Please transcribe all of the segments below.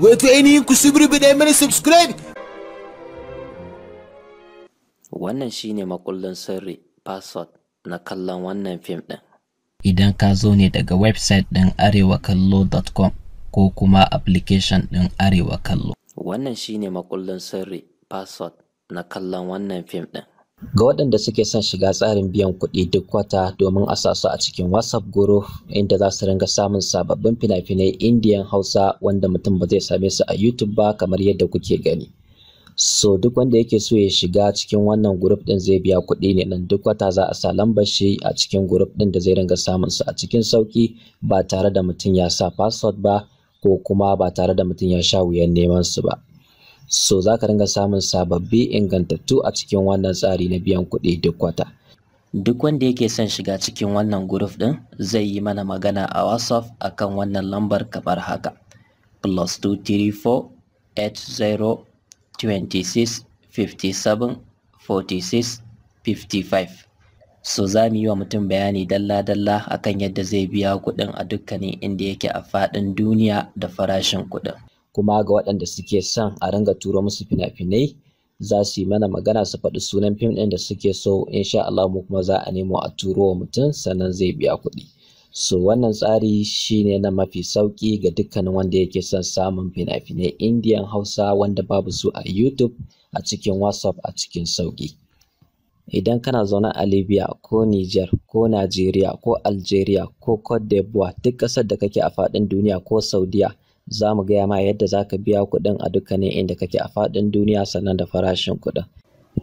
wato ainihin ku subrubida mini subscribe wannan shine makullin sirri password na kallon wannan fim ɗin. idan ka zo ne daga website din arewakallo.com ko kuma application ɗin arewa kallo wannan shine makullin sirri password na kallon wannan fim ɗin. ga waɗanda suke son shiga tsarin biyan kuɗi duk wata domin a su a cikin whatsapp group inda za su ringa samun sababbin fina-finai Indiyan hausa wanda mutum ba zai same su a youtube ba kamar yadda kuke gani so duk wanda yake so ya shiga cikin wannan group din zai biya kuɗi ne nan duk wata za a sa lambar shi a cikin group din da zai ringa samun su a cikin sauki ba tare da mutum ya sa password ba ko kuma ba tare da mutum ya sha wuyan neman su ba so za ka ringa samun sababbi ingantattu a cikin wannan tsari na biyan kuɗi duk wata duk wanda yake son shiga cikin wannan group ɗin zai yi mana magana a whatsapp akan wannan lambar kamar haka plus 234 80 26 57 46 55 so za mu yi wa mutum bayani dalla-dalla akan yadda zai biya kuɗin a dukkanin inda yake a faɗin duniya da farashin kuɗin kuma ga waɗanda suke son a ringa turo musu fina-finai za su yi mana magana su faɗi sunan fim ɗin da suke so sha Allah mu kuma za a nemo a turo wa mutum sannan zai biya kuɗi so wannan tsari shine na mafi sauƙi ga dukkanin wanda yake son samun fina-finai indian hausa wanda babu su a youtube a cikin whatsapp a cikin sauƙi idan kana zaune a libya ko niger ko nigeria ko algeria ko cote d'ivoire duk ƙasar da kake a faɗin duniya ko saudiya za mu gaya ma yadda za ka biya kuɗin a dukkanin inda kake a faɗin duniya sannan da farashin kuɗin.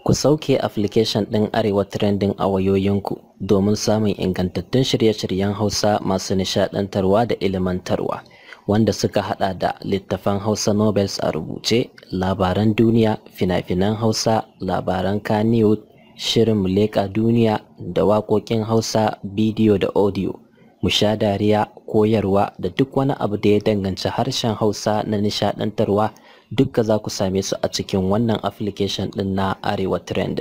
Ku sauke application ɗin Arewa Trending a wayoyinku domin samun ingantattun shirye-shiryen Hausa masu nishaɗantarwa da ilimantarwa wanda suka haɗa da littafan Hausa Nobels a rubuce, labaran duniya, fina-finan Hausa, labaran Kannywood, shirin Muleka Duniya da waƙoƙin Hausa, bidiyo da audio. mu sha dariya koyarwa da duk wani abu da ya danganci harshen hausa na nishadantarwa dukka za ku same su a cikin wannan application din na arewa trend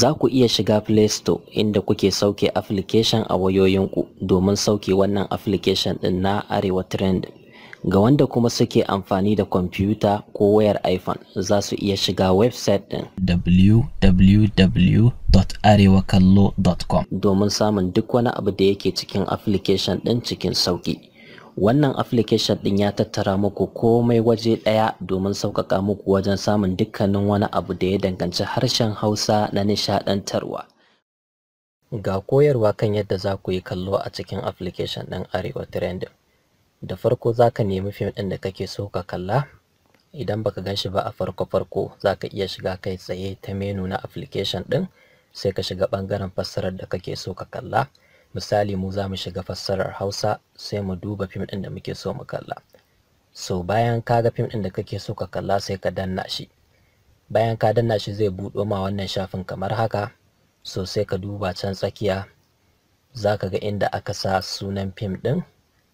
za ku iya shiga play store inda kuke sauke application a wayoyinku domin sauke wannan application din na arewa trend Ga wanda kuma suke amfani da kwamfuta ko wayar iPhone za su iya shiga website ɗin www.arewakallo.com domin samun duk wani abu da yake cikin application ɗin cikin sauƙi. wannan application din ya tattara muku komai waje daya domin sauƙaƙa muku wajen samun dukkanin wani abu da ya danganci harshen hausa na nishadantarwa ga koyarwa kan yadda za ku yi kallo a cikin application din arewa trending da farko zaka nemi fim ɗin da kake so ka kalla idan baka gan shi ba a farko farko zaka iya shiga kai tsaye ta menu na application ɗin sai ka shiga ɓangaren fassarar da kake so ka kalla misali mu za mu shiga fassarar hausa sai mu duba fim ɗin da muke so mu kalla so bayan ka ga fim ɗin da kake so ka kalla sai ka danna shi bayan ka danna shi zai buɗo ma wannan shafin kamar haka so sai ka duba can tsakiya zaka ga inda aka sa sunan fim ɗin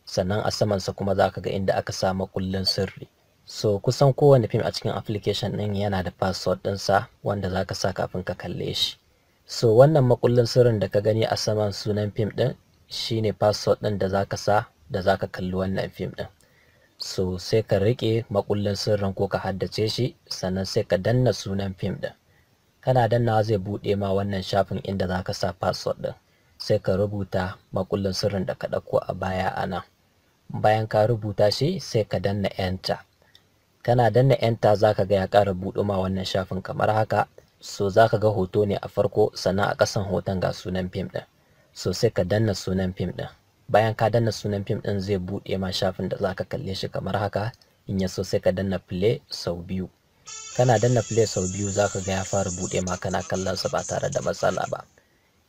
sannan a samansa kuma za ka ga inda aka sa makullin sirri so kusan kowane fim a cikin application ɗin yana da password ɗinsa wanda za ka sa kafin ka kalle shi so wannan makullin sirrin da ka gani a saman sunan fim ɗin shine password ɗin da za ka sa da za ka kalli wannan fim ɗin so sai ka riƙe makullin sirrin ko ka haddace shi sannan sai ka danna sunan fim ɗin kana dannawa zai buɗe ma wannan shafin inda za ka sa password ɗin sai ka rubuta makullin sirrin da ka ɗauko a baya a nan bayan ka rubuta shi sai ka danna enter kana danna enter zaka ga ya ƙara buɗo ma wannan shafin kamar haka so zaka ga hoto ne a farko sannan a ƙasan hoton ga sunan fim ɗin so sai ka danna sunan fim ɗin bayan ka danna sunan fim ɗin zai buɗe ma shafin da zaka kalle shi kamar haka in ya so sai ka danna play sau biyu kana danna play sau biyu zaka ga ya fara buɗe ma kana kallon sa ba tare da matsala ba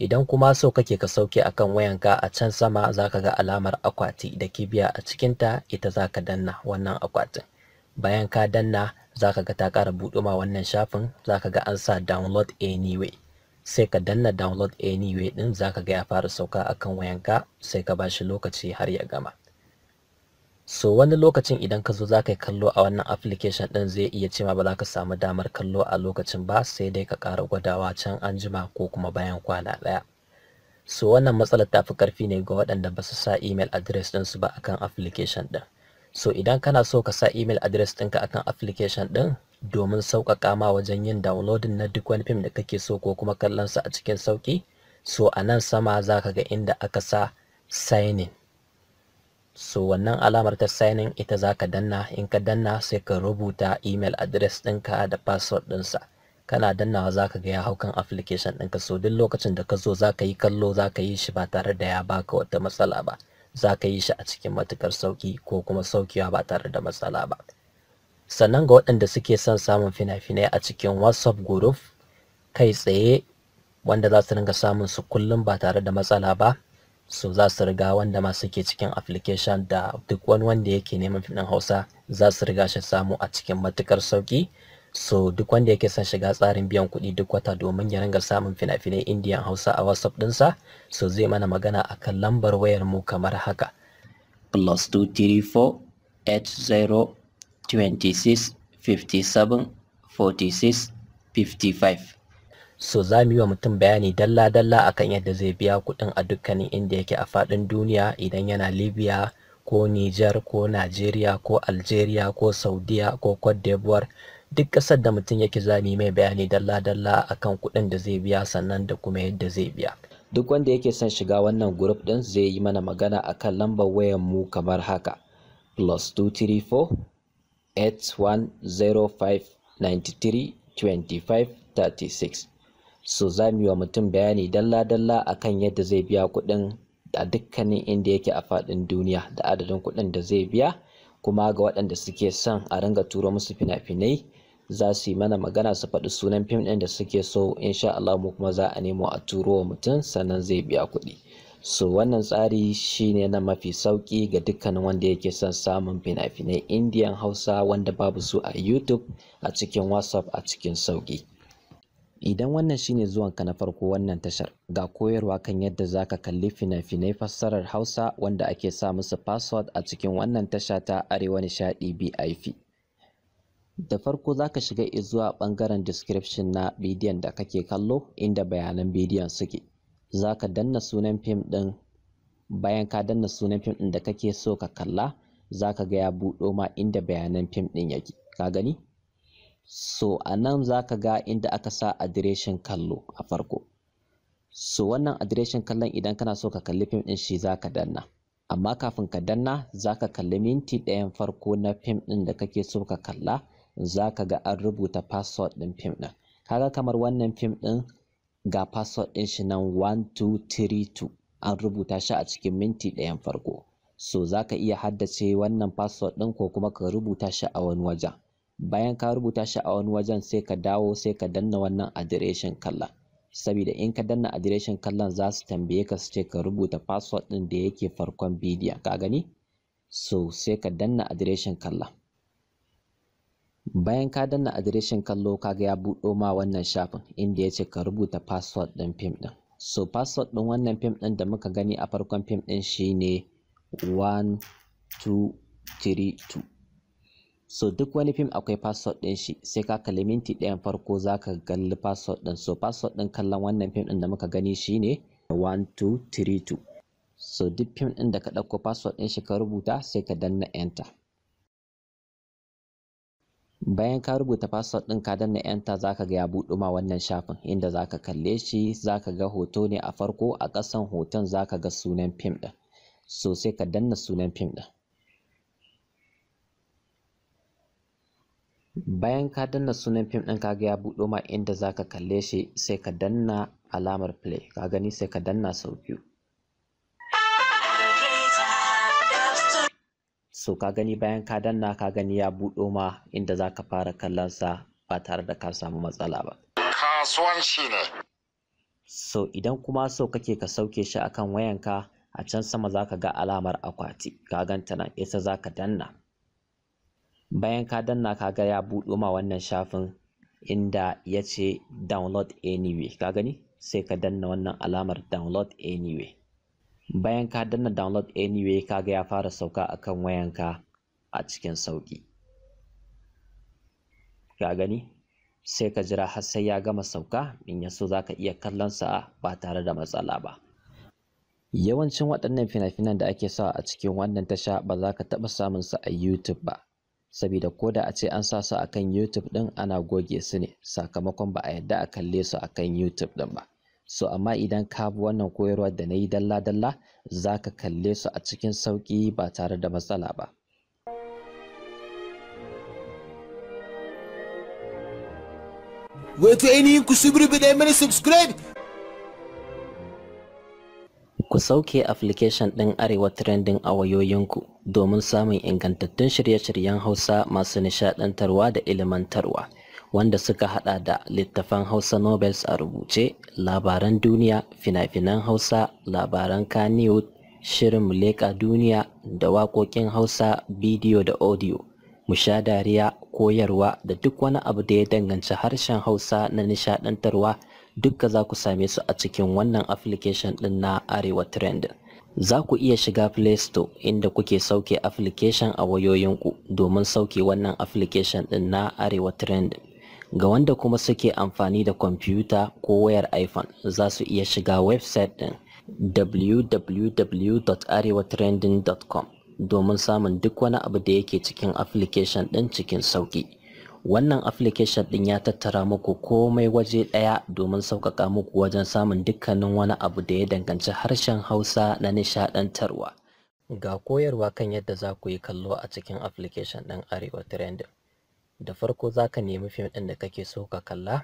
idan kuma so kake ka sauke akan wayanka a can sama zaka ga alamar akwati da kibiya a cikinta ita zaka danna wannan akwatin bayan ka danna zaka ga ta ƙara buɗuma wannan shafin zaka ga an sa download anyway sai ka danna download anyway din zaka ga ya fara sauka akan wayanka sai ka bashi lokaci har ya gama so wani lokacin idan ka zo za yi kallo a wannan application din zai iya cewa ba za ka samu damar kallo a lokacin ba sai dai ka kara gwadawa can an jima ko kuma bayan kwana ɗaya so wannan matsalar ta fi ƙarfi ne ga waɗanda ba su sa email address su ba akan application ɗin so idan kana so ka sa email address ɗinka akan application ɗin domin sauƙaƙa ma wajen yin downloading na duk wani fim da kake so ko kuma kallon sa a cikin sauƙi so a nan sama za ka ga inda aka sa signing so wannan alamar ta signing ita za ka danna in ka danna sai ka rubuta email address ɗinka da password ɗinsa kana dannawa za ka ga ya hau kan application ɗinka so duk lokacin da ka zo za ka yi kallo za ka yi shi ba tare da ya baka wata matsala ba za ka yi shi a cikin matukar sauki ko kuma saukiwa ba tare da matsala ba sannan ga waɗanda suke son samun fina-finai a cikin whatsapp group kai tsaye wanda za su ringa samun su kullum ba tare da matsala ba so za su riga wanda ma suke cikin application da duk wani wanda yake neman fim hausa za su riga shi samu a cikin matukar sauki so duk wanda yake son shiga tsarin biyan kuɗi duk wata domin ya ringa samun fina-finai indian hausa a whatsapp sa so zai mana magana a kan lambar wayar mu kamar haka plus 234 80 26 57 46 55 so za mu yi wa mutum bayani dalla-dalla akan yadda zai biya kuɗin a dukkanin inda yake a faɗin duniya idan yana libya ko niger ko nigeria ko algeria ko saudiya ko cote d'ivoire duk ƙasar da mutum yake zami mai bayani dalla-dalla akan kuɗin da zai biya sannan da kuma yadda zai biya duk wanda yake son shiga wannan group ɗin zai yi mana magana akan lambar wayan mu kamar haka plus 234 8105 93 25 so za mu yi wa mutum bayani dalla-dalla akan yadda zai biya kuɗin a dukkanin inda yake a faɗin duniya da adadin kuɗin da zai biya kuma ga waɗanda suke son a ringa turo musu fina-finai za su yi mana magana su faɗi sunan fim ɗin da suke so insha Allah mu kuma za a nemo a turo wa mutum sannan zai biya kuɗi so wannan tsari shine na mafi sauki ga dukkanin wanda yake son samun fina-finai indian hausa wanda babu su a youtube a cikin whatsapp a cikin sauki Idan wannan shine zuwanka na farko wannan tashar, ga koyarwa kan yadda za ka kalli fina-finai fassarar Hausa wanda ake sa musu password a cikin wannan tasha ta Arewa Nishaɗi BIP. Da farko zaka shiga zuwa ɓangaren description na bidiyon da kake kallo inda bayanan bidiyon suke. Zaka danna sunan fim ɗin bayan ka danna sunan fim ɗin da kake so ka kalla zaka ga ya buɗo ma inda bayanan fim ɗin yake. Ka gani? so a nan za ka ga inda aka sa adireshin kallo a farko so wannan adireshin kallon idan kana so ka kalli fim din shi za ka danna amma kafin ka danna za ka kalli minti ɗayan farko na fim din da kake so ka kalla za ka ga an rubuta password din fim din kaga kamar wannan fim din ga password din shi nan 1232 an rubuta shi a cikin minti ɗayan farko so za ka iya haddace wannan password din ko kuma ka rubuta shi a wani wajen bayan ka rubuta shi a wani wajen sai ka dawo sai ka danna wannan adireshin kallon saboda in ka danna adireshin kallon za su tambaye ka su ce ka rubuta password ɗin da yake farkon bidiyon ka gani so sai ka danna adireshin kallon bayan ka danna adireshin kallo kaga ya buɗo ma wannan shafin inda ya ce ka rubuta password ɗin fim ɗin so password ɗin wannan fim ɗin da muka gani a farkon fim ɗin shine 1232 so duk wani fim akwai password ɗin shi sai ka kalli minti ɗayan farko za ka kalli password din so password din kallon wannan fim din da muka gani shine 1232 so duk fim din da ka ɗauko password din shi ka rubuta sai ka danna enter bayan ka rubuta password ɗin ka danna enter zaka ga ya buɗu ma wannan shafin inda zaka kalle shi zaka ga hoto ne a farko a ƙasan hoton zaka ga sunan fim ɗin so sai ka danna sunan fim ɗin bayan ka danna sunan fim ɗin kaga ya buɗo ma inda za ka kalle shi sai ka danna alamar play ka gani sai ka danna sau biyu so ka gani bayan ka danna ka gani ya buɗo ma inda za ka fara kallon sa ba tare da ka samu matsala ba kasuwanci ne so idan kuma so kake ka sauke shi akan wayanka a can sama za ka ga alamar akwati ka ganta nan ita ka danna bayan ka danna kaga ya buɗo ma wannan shafin inda ya ce download anyway ka gani sai ka danna wannan alamar download anyway bayan ka danna download anyway kaga ya fara sauka akan wayanka a cikin sauki ka gani sai ka jira har sai ya gama sauka in ya so zaka iya kallon sa ba tare da matsala ba yawancin waɗannan fina-finan da ake sawa a cikin wannan tasha ba za ka taɓa samun su a YouTube ba saboda ko da a ce an sa su akan YouTube din ana goge su ne sakamakon ba a yadda a kalle su akan YouTube din ba so amma idan ka bi wannan koyarwa da na yi dalla-dalla za ka kalle su a cikin sauƙi ba tare da matsala ba subscribe Ku sauke application ɗin Arewa Trending a wayoyinku domin samun ingantattun shirye-shiryen Hausa masu nishaɗantarwa da ilimantarwa wanda suka haɗa da littafan Hausa Nobels a rubuce, labaran duniya, fina-finan Hausa, labaran Kannywood, shirin Muleka Duniya, da waƙoƙin Hausa, bidiyo da audio, musha dariya, koyarwa da duk wani abu da ya danganci harshen Hausa na nishaɗantarwa. dukka za ku same su a cikin wannan application din na Arewa Trend. Za ku iya shiga Play Store inda kuke sauke application a wayoyinku domin sauke wannan application din na Arewa Trend. Ga wanda kuma suke amfani da kwamfuta ko wayar iPhone za su iya shiga website din www.arewatrending.com domin samun duk wani abu da yake cikin application din cikin sauki. wannan application din ya tattara muku komai waje ɗaya domin sauƙaƙa muku wajen samun dukkanin wani abu da ya danganci harshen hausa na nishadantarwa. ga koyarwa kan yadda za ku yi kallo a cikin application ɗin arewa trending da farko zaka nemi fim ɗin da kake so ka kalla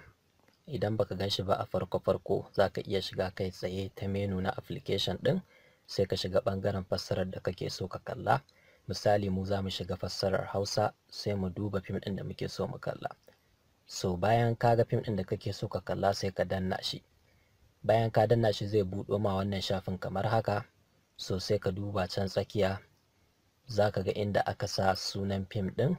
idan baka gan shi ba a farko farko zaka iya shiga kai tsaye ta menu na application ɗin sai ka shiga ɓangaren fassarar da kake so ka kalla misali mu za mu shiga fassarar hausa sai mu duba fim ɗin da muke so mu kalla so bayan ka ga fim ɗin da kake so ka kalla sai ka danna shi bayan ka danna shi zai buɗo ma wannan shafin kamar haka so sai ka duba can tsakiya za ka ga inda aka sa sunan fim ɗin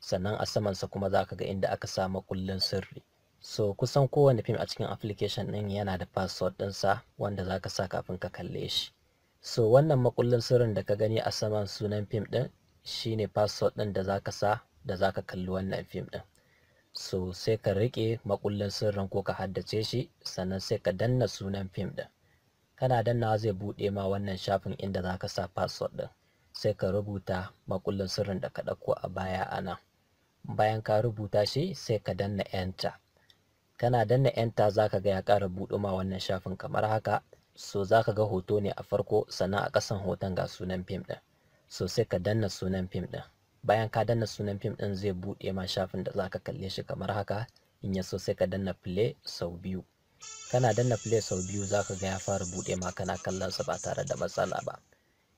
sannan a samansa kuma za ka ga inda aka sa makullin sirri so kusan kowane fim a cikin application ɗin yana da password ɗinsa wanda za ka sa kafin ka kalle shi so wannan makullin sirrin da ka gani a saman sunan fim ɗin shine password ɗin da zaka sa da zaka kalli wannan fim ɗin so sai ka rike makullin sirrin ko ka haddace shi sannan sai ka danna sunan fim ɗin kana danna zai bude ma wannan shafin inda zaka sa password ɗin sai ka rubuta makullin sirrin da ka ɗauko a baya a nan bayan ka rubuta shi sai ka danna enter kana danna enter zaka ga ya kara buɗe ma wannan shafin kamar haka so za ka ga hoto ne a farko sannan a ƙasan hoton ga sunan fim ɗin so sai ka danna sunan fim ɗin bayan ka danna sunan fim ɗin zai buɗe ma shafin da za ka kalle shi kamar haka in ya so sai ka danna play sau biyu kana danna play sau biyu za ka ga ya fara buɗe ma kana kallon sa ba tare da matsala ba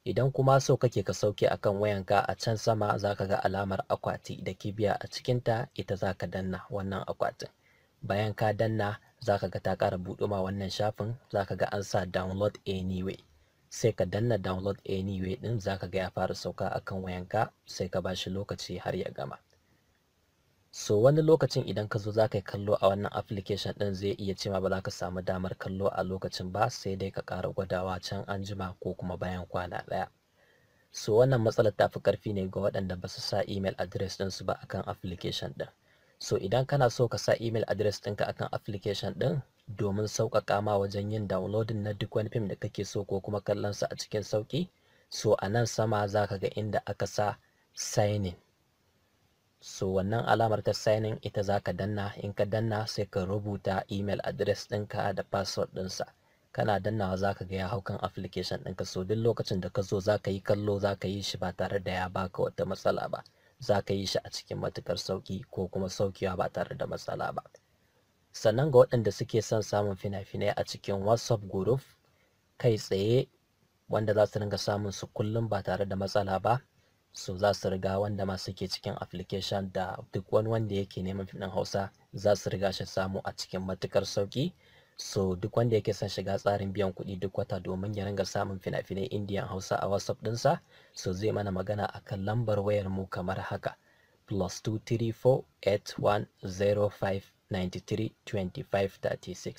idan kuma so kake ka sauke akan wayanka a can sama za ka ga alamar akwati da kibiya a cikinta ita za ka danna wannan akwatin bayan ka danna za ka ga ta ƙara buɗo ma wannan shafin za ka ga an sa download anyway sai ka danna download anyway ɗin za ka ga ya fara sauka akan wayanka sai ka bashi lokaci har ya gama so wani lokacin idan ka zo za ka yi kallo a wannan application ɗin zai iya cewa ba za ka samu damar kallo a lokacin ba sai dai ka ƙara gwadawa can an jima ko kuma bayan kwana ɗaya so wannan matsalar ta fi ƙarfi ne ga waɗanda ba su sa email address ɗinsu ba akan application ɗin so idan kana so ka sa email address ɗinka akan application ɗin domin sauƙaƙa ma wajen yin downloading na duk wani fim da kake so ko kuma kallon sa a cikin sauƙi so a nan sama za ka ga inda aka sa signing so wannan alamar ta signing ita za ka danna in ka danna sai ka rubuta email address ɗinka da password ɗinsa kana dannawa za ka ga ya hau kan application ɗinka so duk lokacin da ka zo za ka yi kallo za ka yi shi ba tare da ya baka wata matsala ba za ka yi shi a cikin matukar sauki ko kuma saukiwa ba tare da matsala ba sannan ga waɗanda suke son samun fina-finai a cikin whatsapp group kai tsaye wanda za su ringa samun su kullum ba tare da matsala ba so za su riga wanda ma suke cikin application da duk wani wanda yake neman finan hausa za su riga shi samu a cikin matukar sauƙi so duk wanda yake son shiga tsarin biyan kuɗi duk wata domin ya ringa samun fina-finai indiyan hausa a whatsapp ɗinsa so zai mana magana akan lambar wayar mu kamar haka plus 234 8105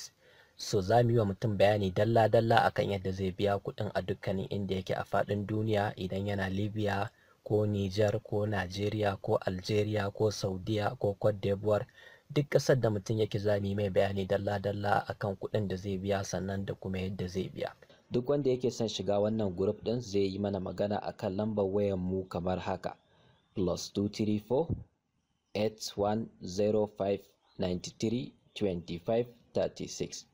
so za mu yi wa mutum bayani dalla-dalla akan yadda zai biya kuɗin a dukkanin inda yake a faɗin duniya idan yana libya ko niger ko nigeria ko algeria ko saudiya ko cote d'ivoire duk ƙasar da mutum yake zami mai bayani dalla-dalla kan kuɗin da zai biya sannan da kuma yadda zai biya duk wanda yake son shiga wannan group ɗin zai yi mana magana akan lambar wayan mu kamar haka plus 234 8105 93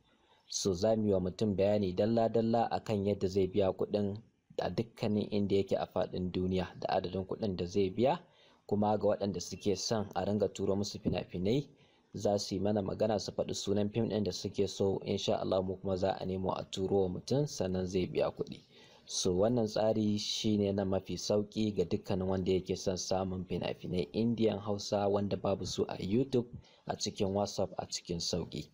so za wa mutum bayani dalla-dalla kan yadda zai biya kuɗin a dukkanin inda yake a faɗin duniya da adadin kuɗin da zai biya kuma ga waɗanda suke son a ringa turo musu fina-finai za su yi mana magana su faɗi sunan fim ɗin da suke so sha Allah mu kuma za a nemo a turo wa mutum sannan zai biya kuɗi so wannan tsari shine na mafi sauki ga dukkanin wanda yake son samun fina-finai indiyan hausa wanda babu su a youtube a cikin whatsapp a cikin sauki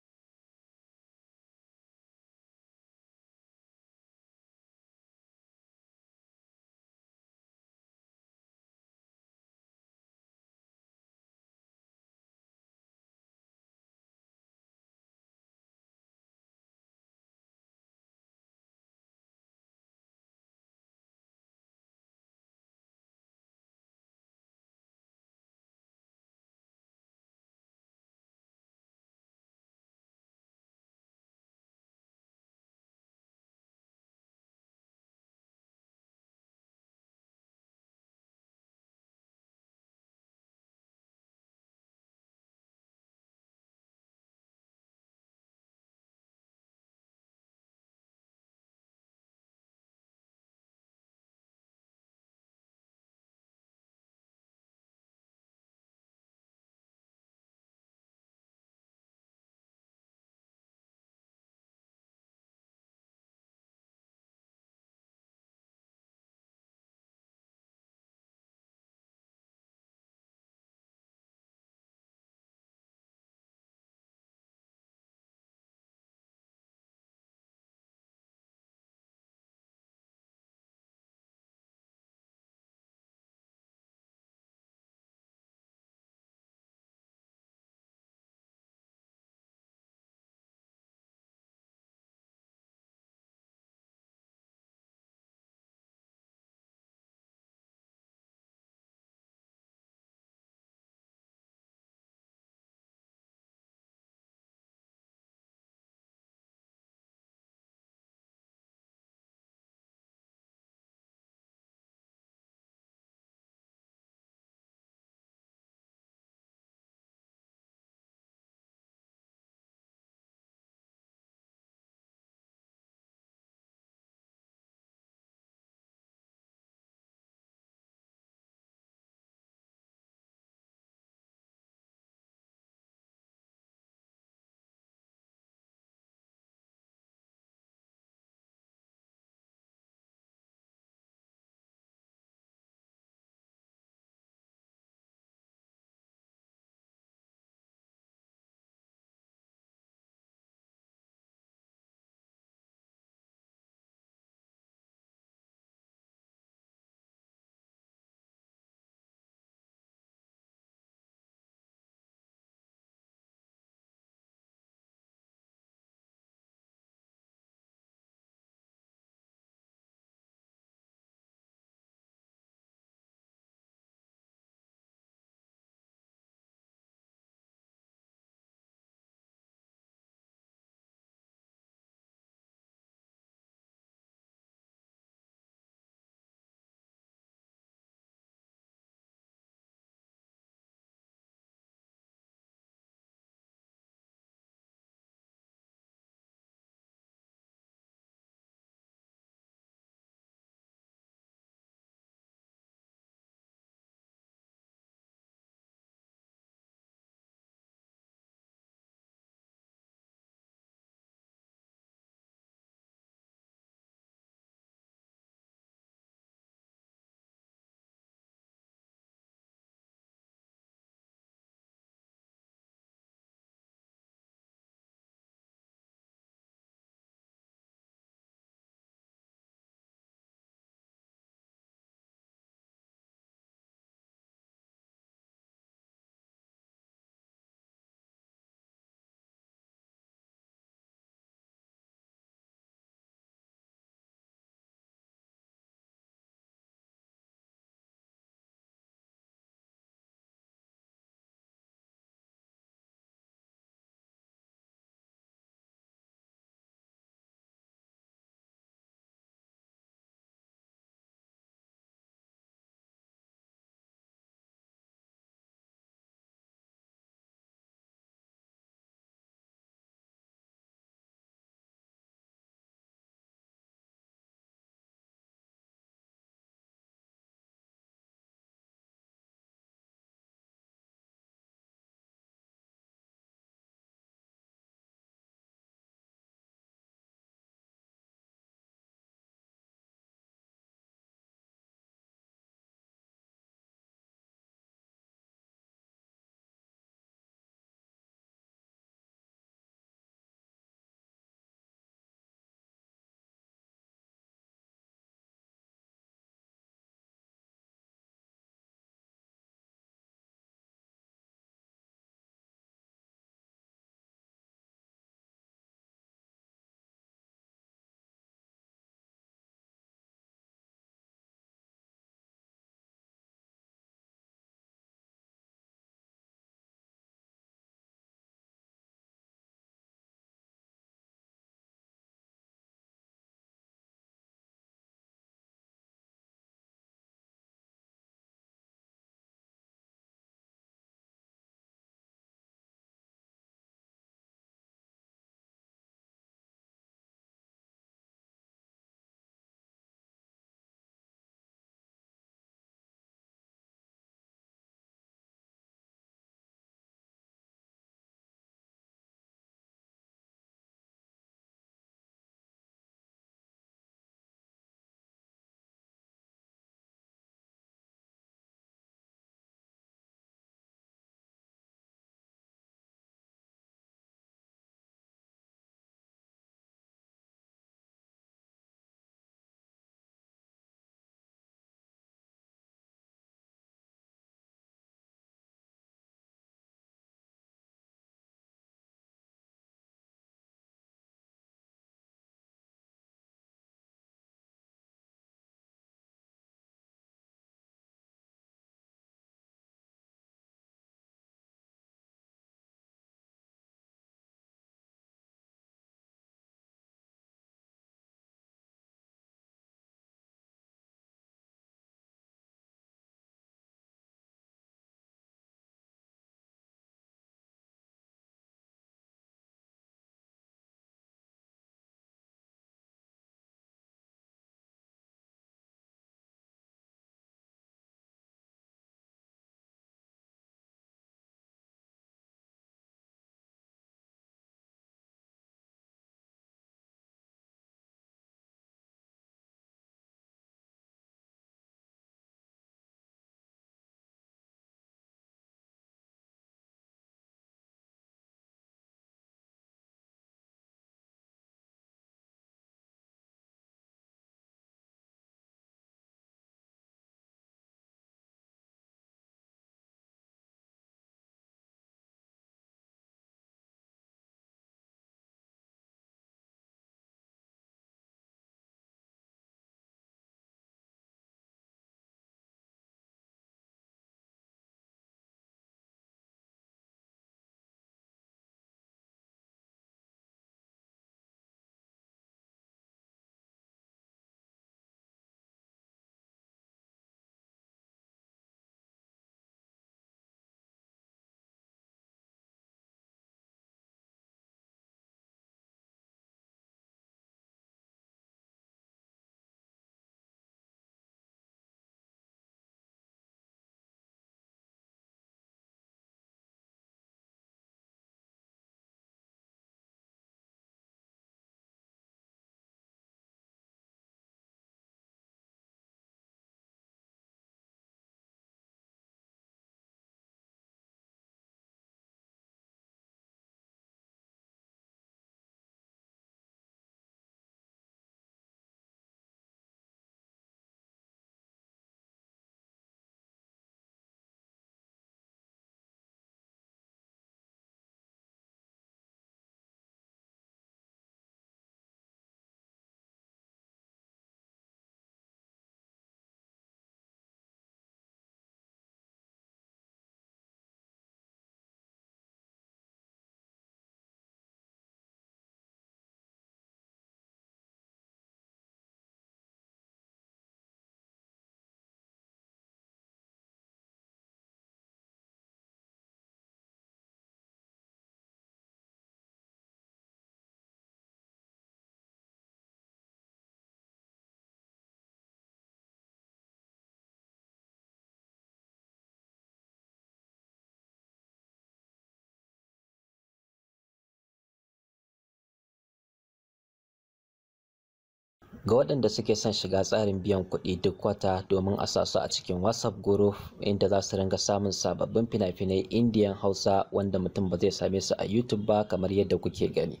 ga waɗanda suke son shiga tsarin biyan kuɗi duk wata domin a sa su a cikin whatsapp group inda za su ringa samun sababbin fina-finai indian hausa wanda mutum ba zai same su a youtube ba kamar yadda kuke gani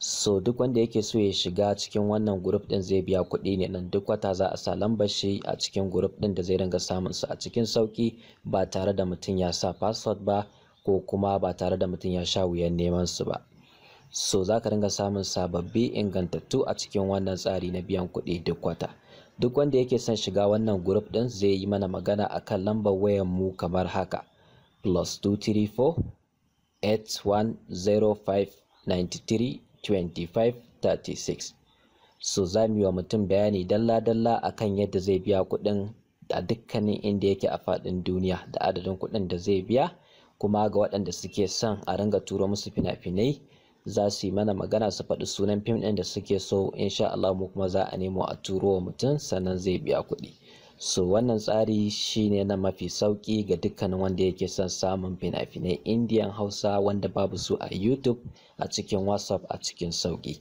so duk wanda yake so ya shiga cikin wannan group din zai biya kuɗi ne nan duk wata za a sa lambashi a cikin group din da zai ringa samun su a cikin sauki ba tare da mutum ya sa password ba ko kuma ba tare da mutum ya sha wuyan neman su ba so za ka ringa samun sababbi ingantattu a cikin wannan tsari na biyan kuɗi duk wata duk wanda yake son shiga wannan group ɗin zai yi mana magana akan lambar wayan mu kamar haka plus 234 8105 93 25 36 so za mu yi wa mutum bayani dalla-dalla akan yadda zai biya kuɗin a dukkanin inda yake a faɗin duniya da adadin kuɗin da zai biya kuma ga waɗanda suke son a ringa turo musu fina-finai za su yi mana magana su faɗi sunan fim ɗin da suke so insha Allah mu kuma za a nemo a turo wa mutum sannan zai biya kuɗi so wannan tsari shine na mafi sauƙi ga dukkanin wanda yake son samun fina-finai indian hausa wanda babu su a youtube a cikin whatsapp a cikin sauƙi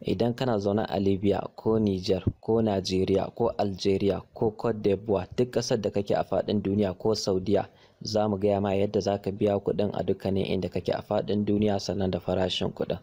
idan kana zaune a libya ko niger ko nigeria ko algeria ko cote d'ivoire duk ƙasar da kake a faɗin duniya ko saudiya za mu gaya ma yadda za ka biya kuɗin a dukkanin inda kake a faɗin duniya sannan da farashin kuɗin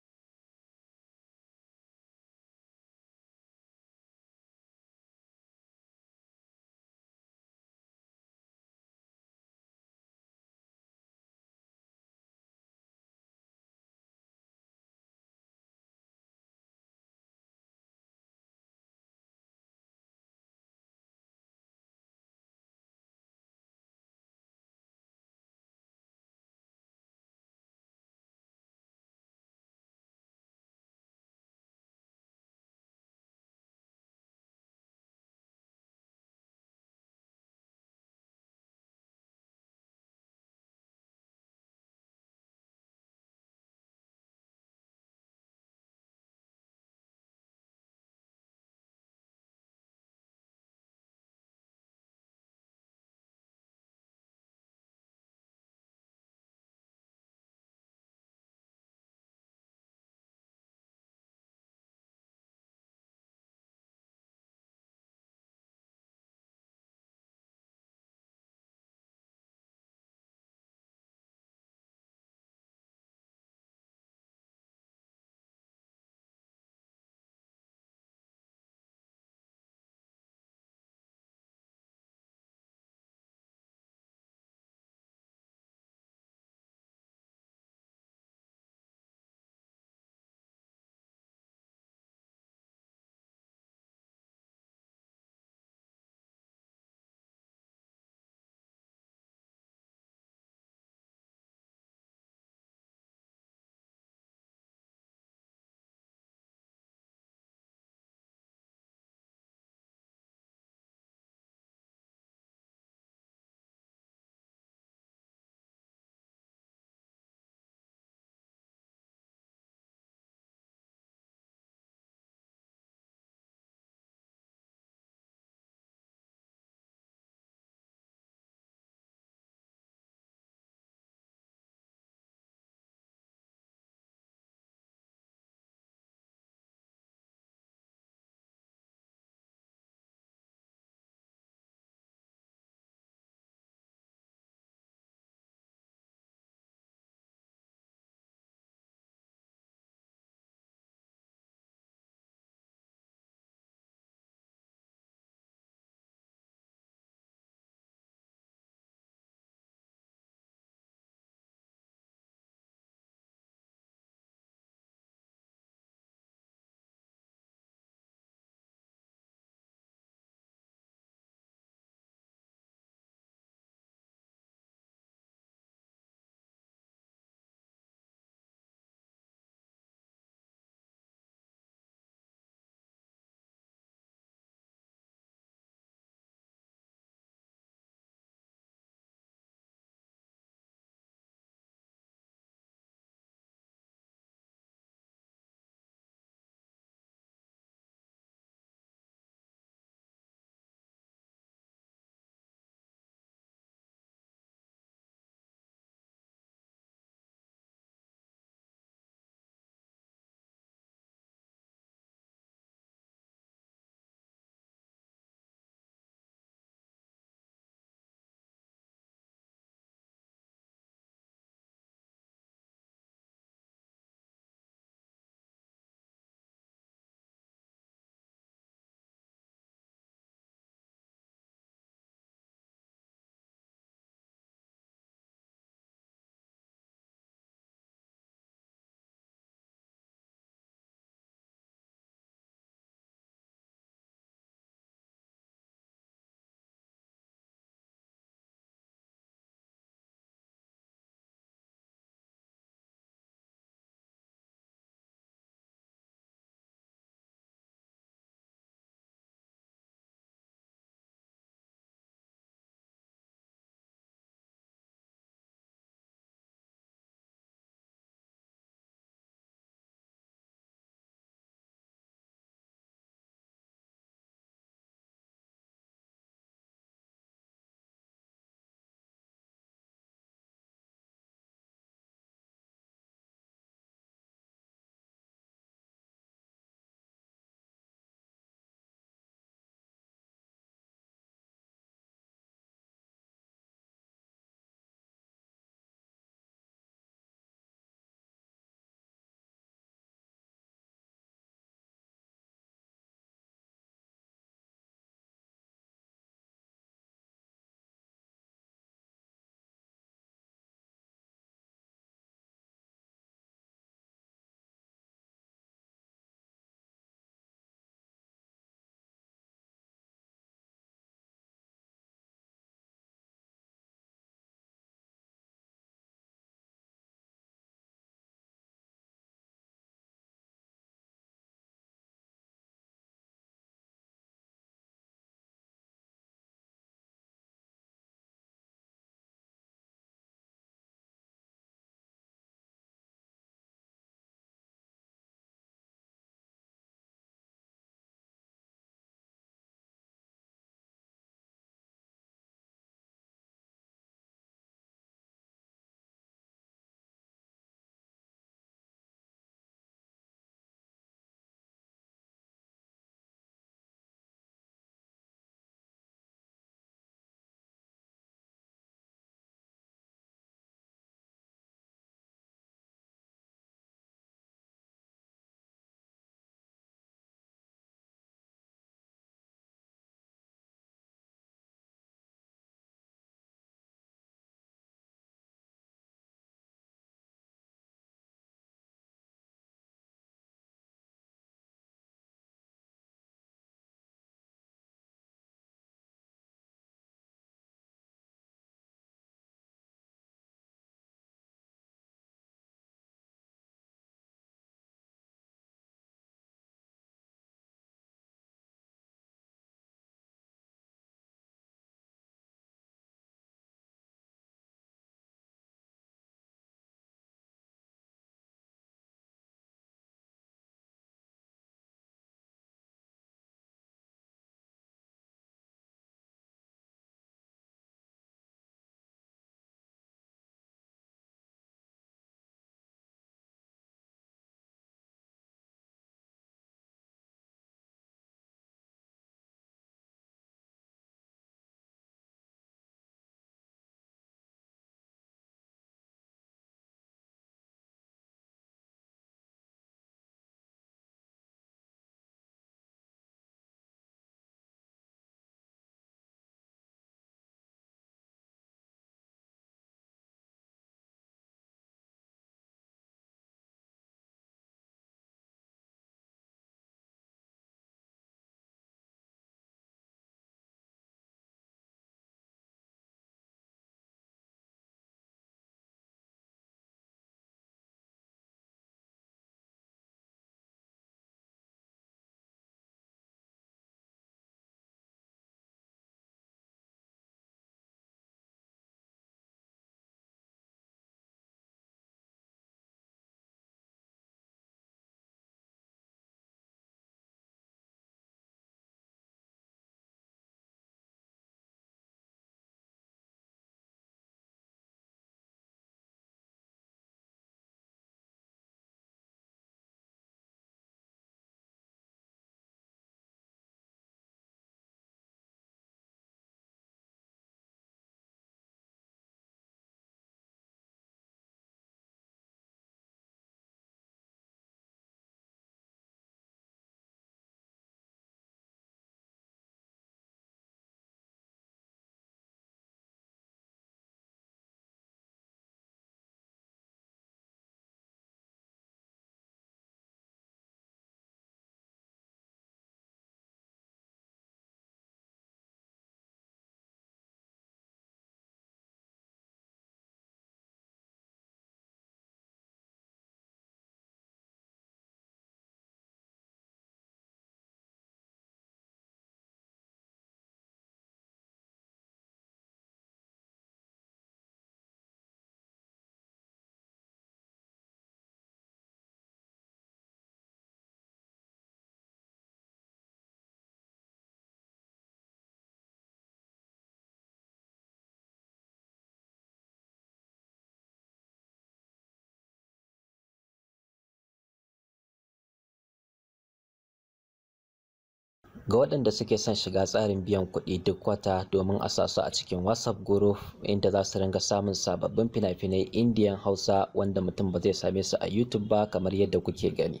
ga waɗanda suke son shiga tsarin biyan kuɗi duk wata domin a su a cikin whatsapp group inda za su ringa samun sababbin fina-finai indian hausa wanda mutum ba zai same su a youtube ba kamar yadda kuke gani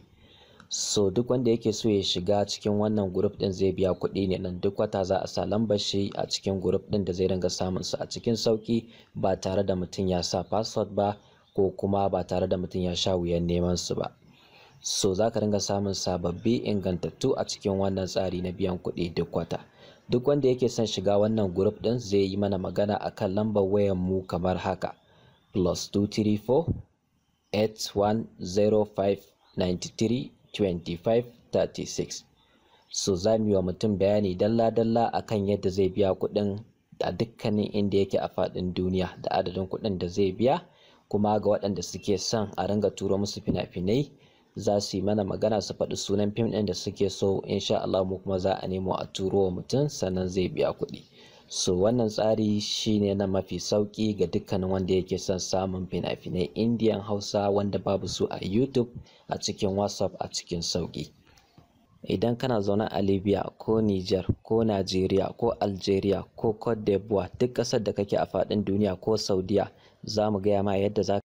so duk wanda yake so ya shiga cikin wannan group din zai biya kuɗi ne nan duk wata za a sa lambashi a cikin group din da zai ringa samun su a cikin sauki ba tare da mutum ya sa password ba ko kuma ba tare da mutum ya sha wuyan neman su ba so za ka ringa samun sababbi ingantattu a cikin wannan tsari na biyan kuɗi duk wata duk wanda yake son shiga wannan group ɗin zai yi mana magana akan lambar wayan mu kamar haka plus 234 8105 93 25 36 so za mu yi wa mutum bayani dalla-dalla akan yadda zai biya kuɗin a dukkanin inda yake a faɗin duniya da adadin kuɗin da zai biya kuma ga waɗanda suke son a ringa turo musu fina-finai za su yi mana magana su faɗi sunan fim ɗin da suke so in sha Allah mu kuma za a nemo a turo wa mutum sannan zai biya kuɗi so wannan tsari shine na mafi sauƙi ga dukkanin wanda yake son samun fina-finai indian hausa wanda babu su a youtube a cikin whatsapp a cikin sauki. idan kana zaune a libya ko niger ko nigeria ko algeria ko cote d'ivoire duk ƙasar da kake a faɗin duniya ko saudiya za mu gaya ma yadda za